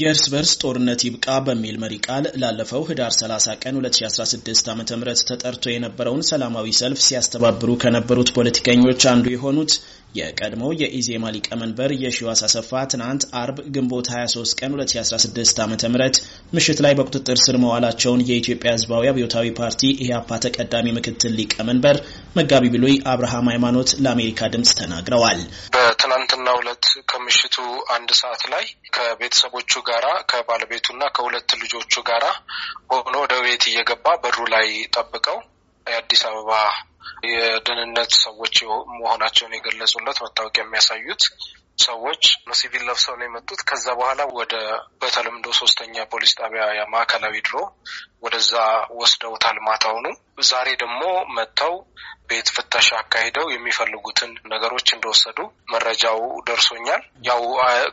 የእርስ በርስ ጦርነት ይብቃ በሚል መሪ ቃል ላለፈው ህዳር 30 ቀን 2016 ዓ ም ተጠርቶ የነበረውን ሰላማዊ ሰልፍ ሲያስተባብሩ ከነበሩት ፖለቲከኞች አንዱ የሆኑት የቀድሞው የኢዜማ ሊቀመንበር የሺዋስ አሰፋ ትናንት አርብ ግንቦት 23 ቀን 2016 ዓ ም ምሽት ላይ በቁጥጥር ስር መዋላቸውን የኢትዮጵያ ሕዝባዊ አብዮታዊ ፓርቲ ኢህአፓ ተቀዳሚ ምክትል ሊቀመንበር መጋቢ ብሉይ አብርሃም ሃይማኖት ለአሜሪካ ድምፅ ተናግረዋል። በትናንትና ሁለት ከምሽቱ አንድ ሰዓት ላይ ከቤተሰቦቹ ጋራ ከባለቤቱና ከሁለት ልጆቹ ጋራ ሆኖ ወደ ቤት እየገባ በሩ ላይ ጠብቀው የአዲስ አበባ የደህንነት ሰዎች መሆናቸውን የገለጹለት መታወቂያ የሚያሳዩት ሰዎች ሲቪል ለብሰው ነው የመጡት። ከዛ በኋላ ወደ በተለምዶ ሶስተኛ ፖሊስ ጣቢያ የማዕከላዊ ድሮ ወደዛ ወስደውታል ማታውኑ። ዛሬ ደግሞ መጥተው ቤት ፍተሻ አካሂደው የሚፈልጉትን ነገሮች እንደወሰዱ መረጃው ደርሶኛል። ያው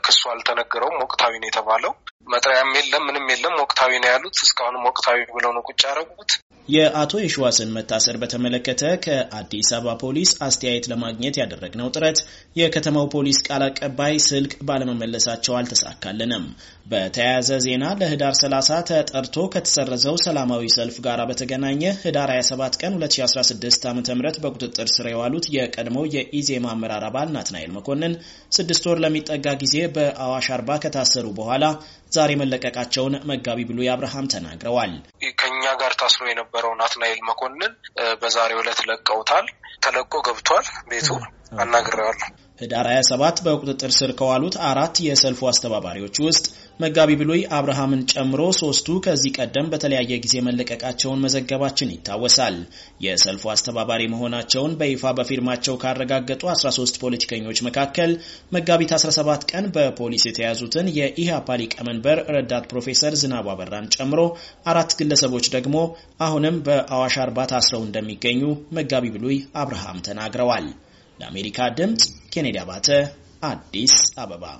ክሱ አልተነገረውም፣ ወቅታዊ ነው የተባለው መጥሪያም የለም፣ ምንም የለም። ወቅታዊ ነው ያሉት። እስካሁንም ወቅታዊ ብለው ነው ቁጭ ያደረጉት። የአቶ የሸዋስን መታሰር በተመለከተ ከአዲስ አበባ ፖሊስ አስተያየት ለማግኘት ያደረግነው ጥረት የከተማው ፖሊስ ቃል አቀባይ ስልክ ባለመመለሳቸው አልተሳካልንም። በተያያዘ ዜና ለህዳር 30 ተጠርቶ ከተሰረዘው ሰላማዊ ሰልፍ ጋር በተገናኘ ህዳር 27 ቀን 2016 ዓ ም በቁጥጥር ስር የዋሉት የቀድሞ የኢዜማ አመራር አባል ናትናኤል መኮንን ስድስት ወር ለሚጠጋ ጊዜ በአዋሽ አርባ ከታሰሩ በኋላ ዛሬ መለቀቃቸውን መጋቢ ብሉ የአብርሃም ተናግረዋል። ከኛ ጋር ታስሮ የነበረው ናትናኤል መኮንን በዛሬው ዕለት ለቀውታል። ተለቆ ገብቷል። ቤቱ አናግረዋል። ህዳር 27 በቁጥጥር ስር ከዋሉት አራት የሰልፉ አስተባባሪዎች ውስጥ መጋቢ ብሉይ አብርሃምን ጨምሮ ሶስቱ ከዚህ ቀደም በተለያየ ጊዜ መለቀቃቸውን መዘገባችን ይታወሳል። የሰልፉ አስተባባሪ መሆናቸውን በይፋ በፊርማቸው ካረጋገጡ 13 ፖለቲከኞች መካከል መጋቢት 17 ቀን በፖሊስ የተያዙትን የኢህአፓ ሊቀመንበር ረዳት ፕሮፌሰር ዝናቡ አበራን ጨምሮ አራት ግለሰቦች ደግሞ አሁንም በአዋሽ አርባ ታስረው እንደሚገኙ መጋቢ ብሉይ አብርሃም ተናግረዋል። ለአሜሪካ ድምፅ ኬኔዲ አባተ አዲስ አበባ